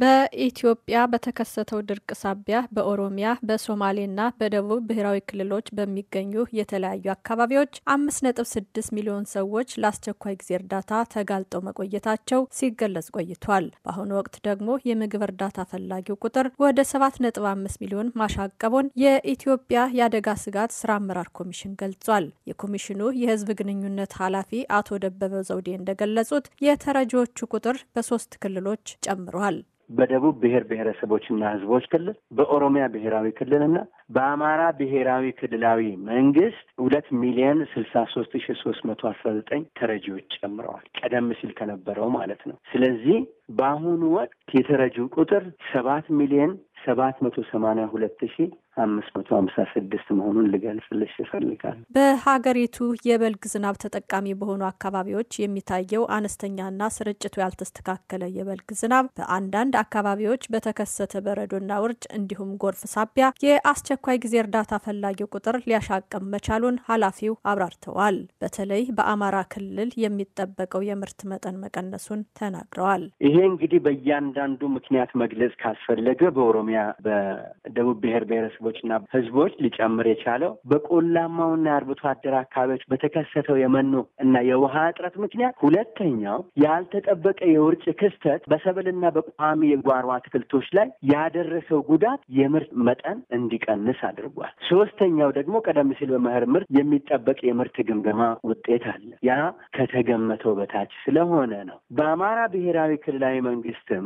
በኢትዮጵያ በተከሰተው ድርቅ ሳቢያ በኦሮሚያ በሶማሌና በደቡብ ብሔራዊ ክልሎች በሚገኙ የተለያዩ አካባቢዎች አምስት ነጥብ ስድስት ሚሊዮን ሰዎች ለአስቸኳይ ጊዜ እርዳታ ተጋልጠው መቆየታቸው ሲገለጽ ቆይቷል። በአሁኑ ወቅት ደግሞ የምግብ እርዳታ ፈላጊው ቁጥር ወደ ሰባት ነጥብ አምስት ሚሊዮን ማሻቀቡን የኢትዮጵያ የአደጋ ስጋት ስራ አመራር ኮሚሽን ገልጿል። የኮሚሽኑ የህዝብ ግንኙነት ኃላፊ አቶ ደበበ ዘውዴ እንደገለጹት የተረጂዎቹ ቁጥር በሶስት ክልሎች ጨምሯል። በደቡብ ብሔር ብሔረሰቦችና ህዝቦች ክልል በኦሮሚያ ብሔራዊ ክልልና በአማራ ብሔራዊ ክልላዊ መንግስት ሁለት ሚሊዮን ስልሳ ሶስት ሺ ሶስት መቶ አስራ ዘጠኝ ተረጂዎች ጨምረዋል ቀደም ሲል ከነበረው ማለት ነው። ስለዚህ በአሁኑ ወቅት የተረጂው ቁጥር ሰባት ሚሊዮን ሰባት መቶ ሰማኒያ ሁለት ሺ አምስት መቶ ሀምሳ ስድስት መሆኑን ልገልጽልሽ ይፈልጋል። በሀገሪቱ የበልግ ዝናብ ተጠቃሚ በሆኑ አካባቢዎች የሚታየው አነስተኛና ስርጭቱ ያልተስተካከለ የበልግ ዝናብ በአንዳንድ አካባቢዎች በተከሰተ በረዶና ውርጭ እንዲሁም ጎርፍ ሳቢያ የአስቸኳይ ጊዜ እርዳታ ፈላጊው ቁጥር ሊያሻቅም መቻሉን ኃላፊው አብራርተዋል። በተለይ በአማራ ክልል የሚጠበቀው የምርት መጠን መቀነሱን ተናግረዋል። ይሄ እንግዲህ በእያንዳንዱ ምክንያት መግለጽ ካስፈለገ በኦሮሚያ በደቡብ ብሔር ብሔረሰብ ህዝቦችና ህዝቦች ሊጨምር የቻለው በቆላማውና አርብቶ አደር አካባቢዎች በተከሰተው የመኖ እና የውሃ እጥረት ምክንያት፣ ሁለተኛው ያልተጠበቀ የውርጭ ክስተት በሰብልና በቋሚ የጓሮ አትክልቶች ላይ ያደረሰው ጉዳት የምርት መጠን እንዲቀንስ አድርጓል። ሶስተኛው ደግሞ ቀደም ሲል በመኸር ምርት የሚጠበቅ የምርት ግምገማ ውጤት አለ። ያ ከተገመተው በታች ስለሆነ ነው። በአማራ ብሔራዊ ክልላዊ መንግስትም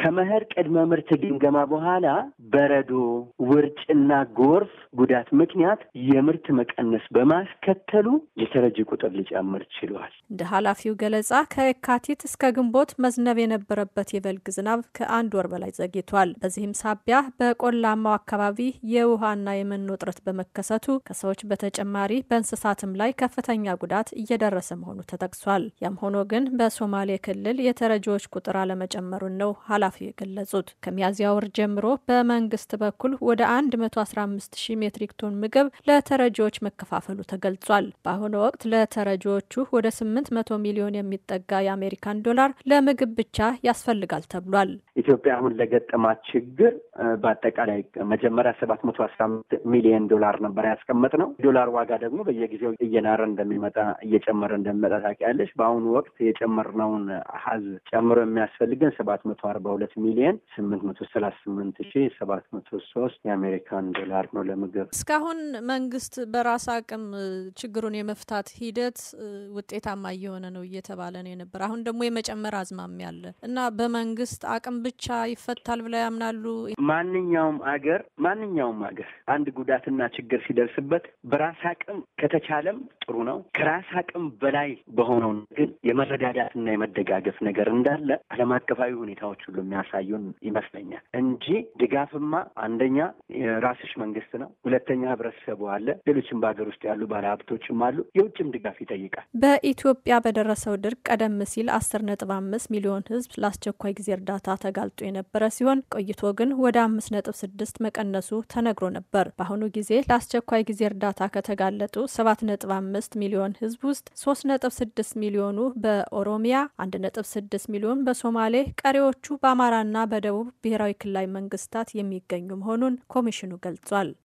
ከመኸር ቅድመ ምርት ግምገማ በኋላ በረዶ ውርጭ ድርቅና ጎርፍ ጉዳት ምክንያት የምርት መቀነስ በማስከተሉ የተረጂ ቁጥር ሊጨምር ችሏል። እንደ ኃላፊው ገለጻ ከየካቲት እስከ ግንቦት መዝነብ የነበረበት የበልግ ዝናብ ከአንድ ወር በላይ ዘግይቷል። በዚህም ሳቢያ በቆላማው አካባቢ የውሃና የመኖ እጥረት በመከሰቱ ከሰዎች በተጨማሪ በእንስሳትም ላይ ከፍተኛ ጉዳት እየደረሰ መሆኑ ተጠቅሷል። ያም ሆኖ ግን በሶማሌ ክልል የተረጂዎች ቁጥር አለመጨመሩን ነው ኃላፊው የገለጹት። ከሚያዝያ ወር ጀምሮ በመንግስት በኩል ወደ አንድ መ 115 ሜትሪክ ቶን ምግብ ለተረጂዎች መከፋፈሉ ተገልጿል። በአሁኑ ወቅት ለተረጂዎቹ ወደ 800 ሚሊዮን የሚጠጋ የአሜሪካን ዶላር ለምግብ ብቻ ያስፈልጋል ተብሏል። ኢትዮጵያ አሁን ለገጠማት ችግር በአጠቃላይ መጀመሪያ 715 ሚሊዮን ዶላር ነበር ያስቀመጥ ነው። ዶላር ዋጋ ደግሞ በየጊዜው እየናረ እንደሚመጣ እየጨመረ እንደሚመጣ ታውቂያለሽ። በአሁኑ ወቅት የጨመርነውን ሀዝ ጨምሮ የሚያስፈልገን ሰባት መቶ አርባ ሁለት ሚሊዮን ስምንት መቶ ሰላሳ ስምንት ሺ ሰባት መቶ ሶስት የአሜሪካ አንድ ዶላር ነው ለምግብ። እስካሁን መንግስት በራስ አቅም ችግሩን የመፍታት ሂደት ውጤታማ እየሆነ ነው እየተባለ ነው የነበር። አሁን ደግሞ የመጨመር አዝማሚያ አለ እና በመንግስት አቅም ብቻ ይፈታል ብለው ያምናሉ? ማንኛውም አገር ማንኛውም አገር አንድ ጉዳትና ችግር ሲደርስበት በራስ አቅም ከተቻለም ጥሩ ነው። ከራስ አቅም በላይ በሆነው ግን የመረዳዳትና የመደጋገፍ ነገር እንዳለ ዓለም አቀፋዊ ሁኔታዎች ሁሉ የሚያሳዩን ይመስለኛል እንጂ ድጋፍማ አንደኛ የራስሽ መንግስት ነው። ሁለተኛ ህብረተሰቡ አለ፣ ሌሎችም በሀገር ውስጥ ያሉ ባለሀብቶችም አሉ። የውጭም ድጋፍ ይጠይቃል። በኢትዮጵያ በደረሰው ድርቅ ቀደም ሲል አስር ነጥብ አምስት ሚሊዮን ህዝብ ለአስቸኳይ ጊዜ እርዳታ ተጋልጦ የነበረ ሲሆን ቆይቶ ግን ወደ አምስት ነጥብ ስድስት መቀነሱ ተነግሮ ነበር። በአሁኑ ጊዜ ለአስቸኳይ ጊዜ እርዳታ ከተጋለጡ ሰባት ነጥብ አምስት ሚሊዮን ህዝብ ውስጥ ሶስት ነጥብ ስድስት ሚሊዮኑ በኦሮሚያ አንድ ነጥብ ስድስት ሚሊዮን በሶማሌ ቀሪዎቹ በአማራና በደቡብ ብሔራዊ ክልላዊ መንግስታት የሚገኙ መሆኑን ኮሚሽኑ ኮሚሽኑ ገልጿል።